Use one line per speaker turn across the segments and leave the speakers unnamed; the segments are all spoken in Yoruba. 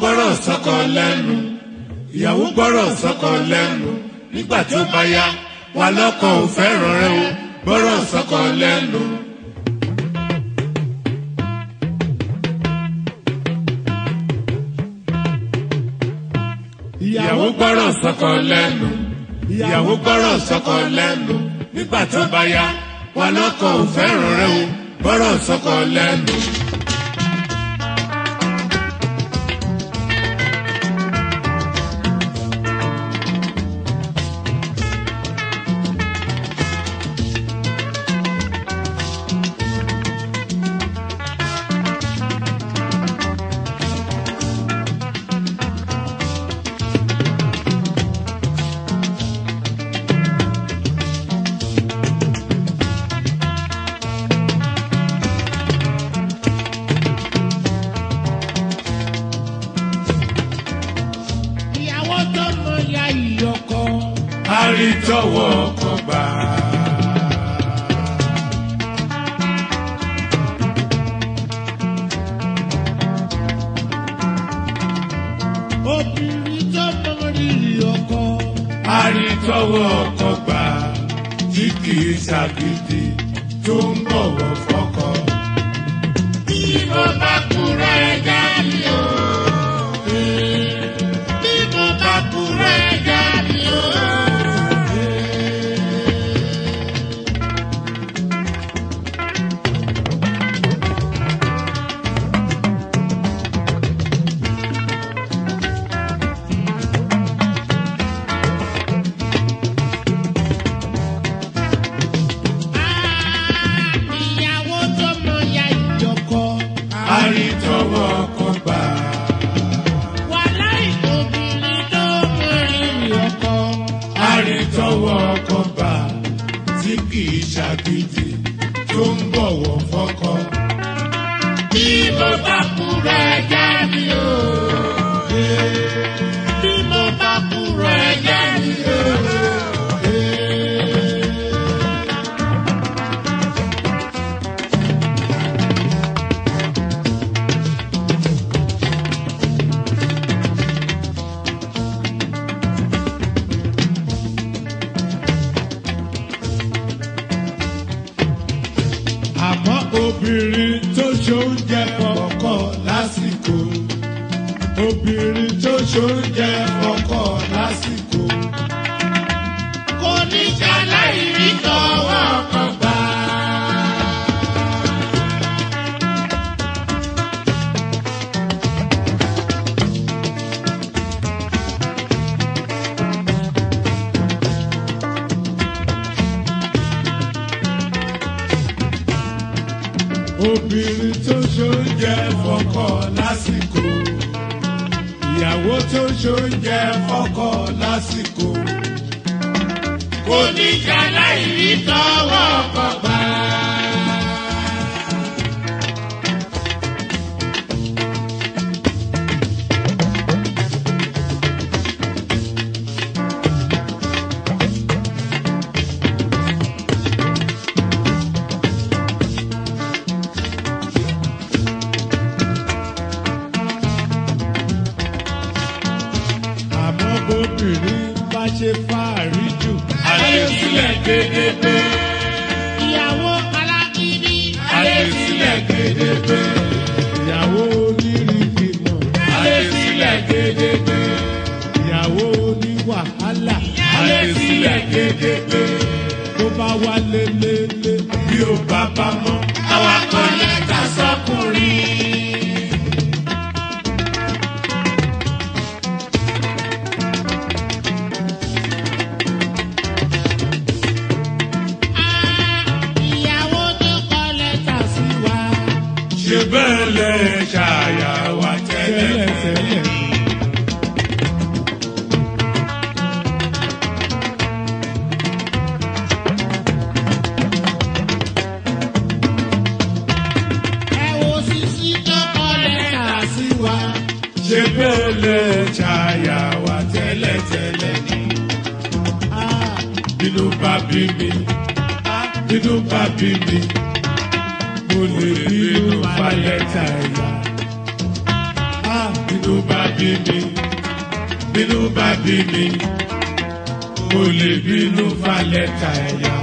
gbọ́rọ̀ sọ́kọ lẹ́nu ìyàwó gbọ́rọ̀ sọ́kọ lẹ́nu nígbà tí ó bá yá wà lọ́kọ ò fẹ́ràn rẹ o gbọ́rọ̀ sọ́kọ lẹ́nu. ìyàwó gbọ́rọ̀ sọ́kọ lẹ́nu ìyàwó gbọ́rọ̀ sọ́kọ lẹ́nu nígbà tí ó bá yá wà lọ́kọ ò fẹ́ràn rẹ o gbọ́rọ̀ sọ́kọ lẹ́nu. tọwọ́ kan gbà. obìnrin tó máa rí ọkọ. a rí tọwọ́ kan gbà tí kì í ṣàgídí tó ń bọ̀wọ̀ fọ́kọ. bí mo bá kúrò ẹja. ṣoúnjẹ fọ́kọ lásìkò ìyàwó tó ṣoúnjẹ fọ́kọ bínú bá bí mi bínú bá bí mi mo lè bínú falẹ̀ tàyà bínú bá bí mi bínú bá bí mi mo lè bínú falẹ̀ tàyà.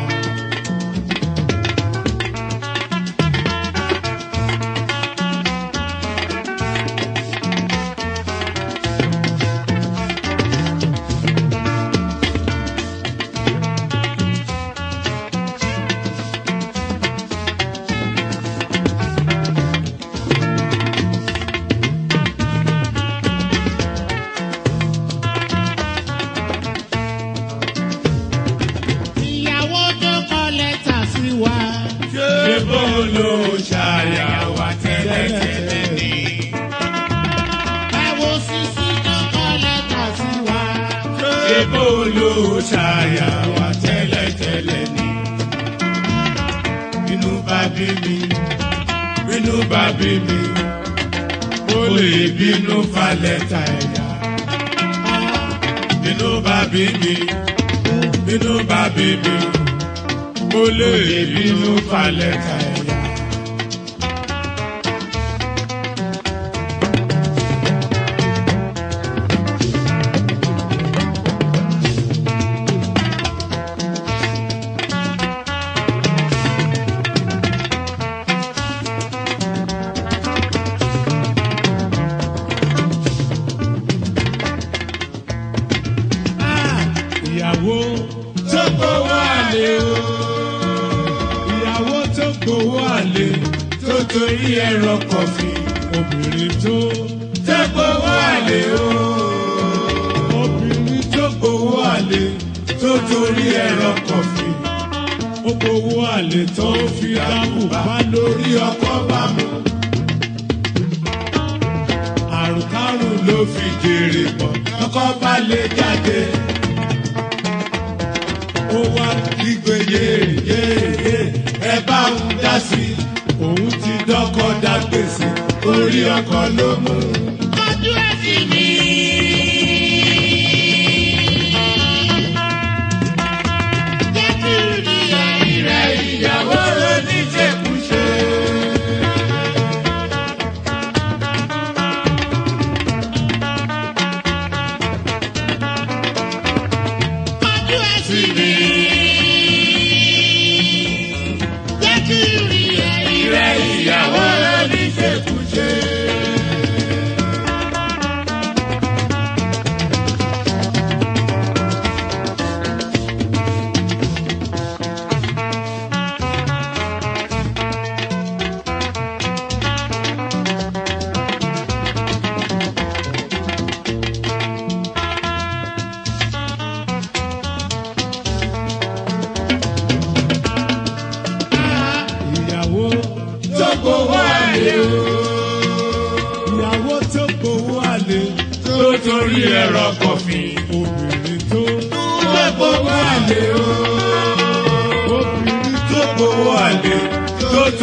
balẹ̀ ta ẹ̀yà. Inú bá bí mi, inú bá bí mi, mo lè bínú falẹ̀ ta ẹ̀yà. torí ẹ̀rọ kọ̀fì obìnrin tó tẹ́gbọ́wọ́ àlè o. obìnrin tó gbowó àlè tó torí ẹ̀rọ kọ̀fì ó gbowó àlè tó ń fi àbùbá lórí ọkọ bá mu. àrùkárùn ló fi jèrè bọ̀ ọkọ bá lè jáde. ó wá gbígbé yéèyé ẹ bá ń dá sí i òun ti dọ́kọ̀ dá gbèsè orí ọkọ̀ ló mú. ojú ẹ̀ sì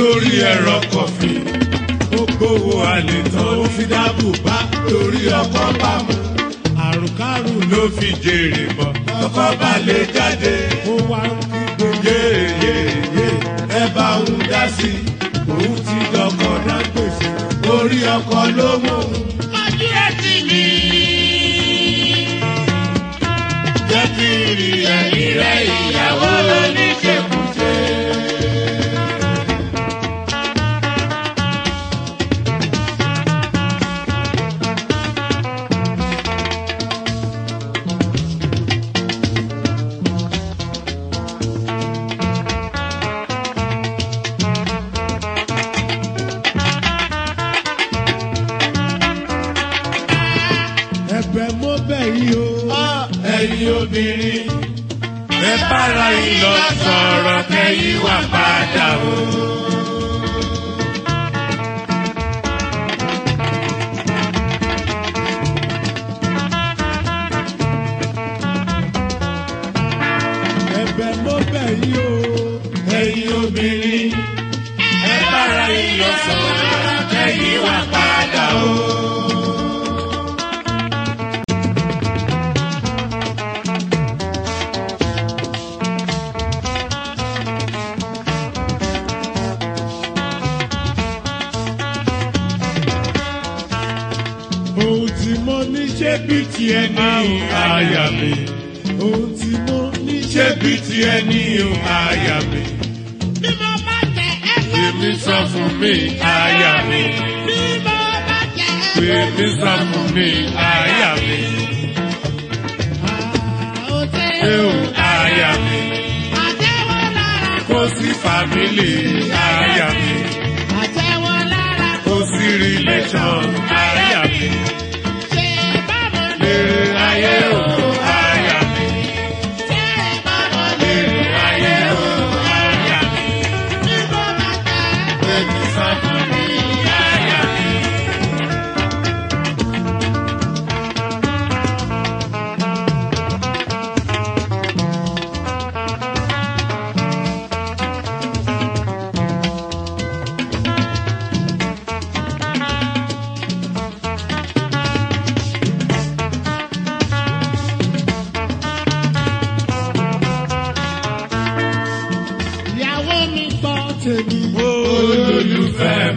lórí ẹ̀rọ kọfí ó gbowó àlè tán ó fi dábù bá torí ọkọ bá mu àrùkárù ló fi jèrè mọ ọkọ bá lè jáde ó wá ń kígbe yéyéyé ẹ bá ń dá sí i òun ti dọkọ dá gbèsè orí ọkọ ló mú un. Jẹ́ kí n rí rẹ̀ yìí. ẹ̀yin obìnrin ẹ bára yín sọ̀rọ̀ kẹ́yìn wá padà o. tiẹ̀ ní àyà mi. Ohun tí mo ní ṣe bí tiẹ̀ ní àyà mi. Bí mo bá jẹ ẹgbẹ́ mi sọ fún mi àyà mi. Bí mo bá jẹ ẹgbẹ́ mi sọ fún mi àyà mi. Àhótẹ́ ah, àyà mi. Àjẹ́wọ́ lára kó sí fàmílì àyà mi. Àjẹ́wọ́ lára kó sí rìlẹ́ṣọ̀n.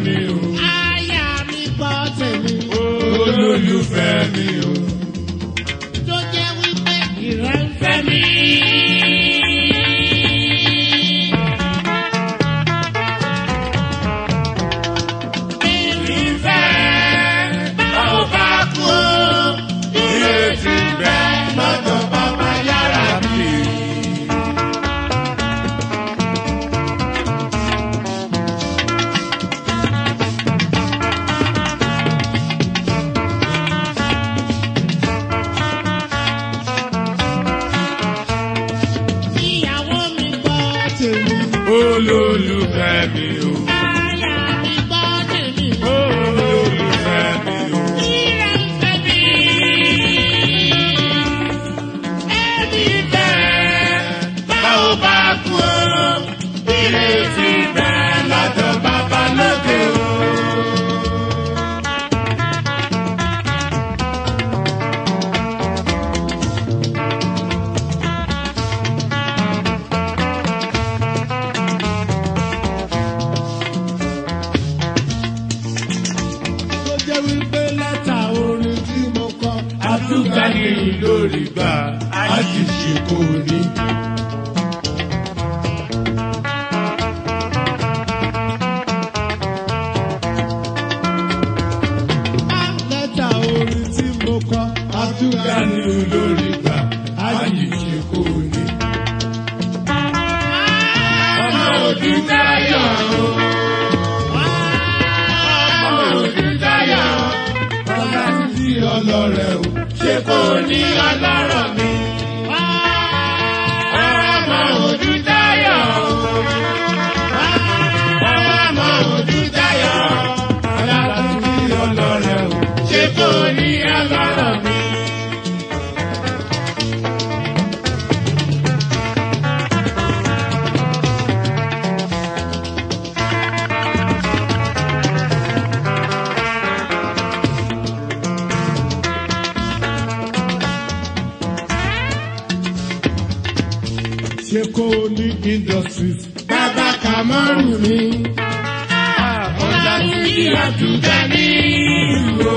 mi o. Aya mi gbọ́ tèmi. Olólùfẹ́ mi o. Odútayọ̀ o. Ọmọ Odútayọ̀ o. Ọlá ti ọlọ́rẹ̀ o. Ṣé kò ní ọlọ́rọ̀ mi? Leko ní industries. Bàbá Kamaru mi. Ọlọ́run Abdulga ní ìlú.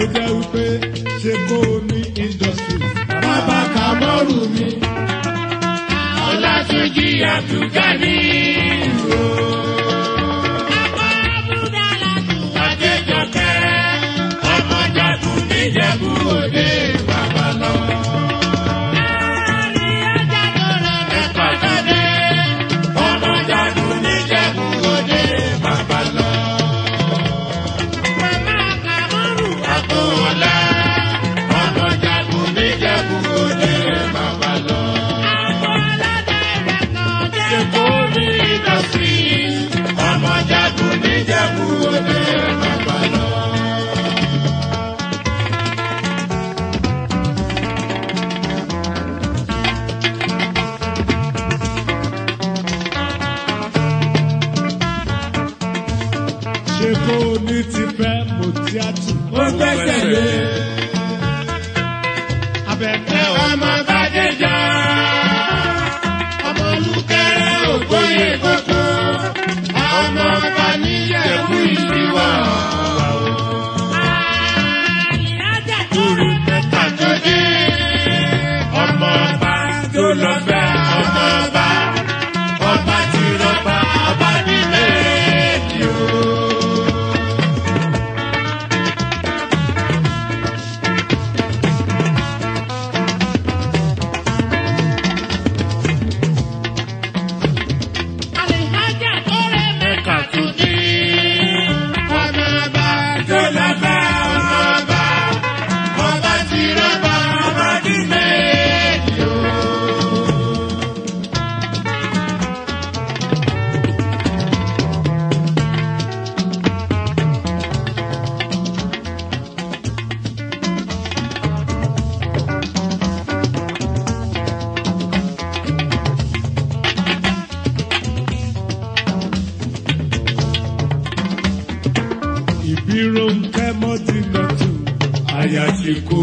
Ó jẹ́ wípé ṣe kó o ní industries. Bàbá Kamaru mi. Ọlọ́run Abdulga ní ìlú. el.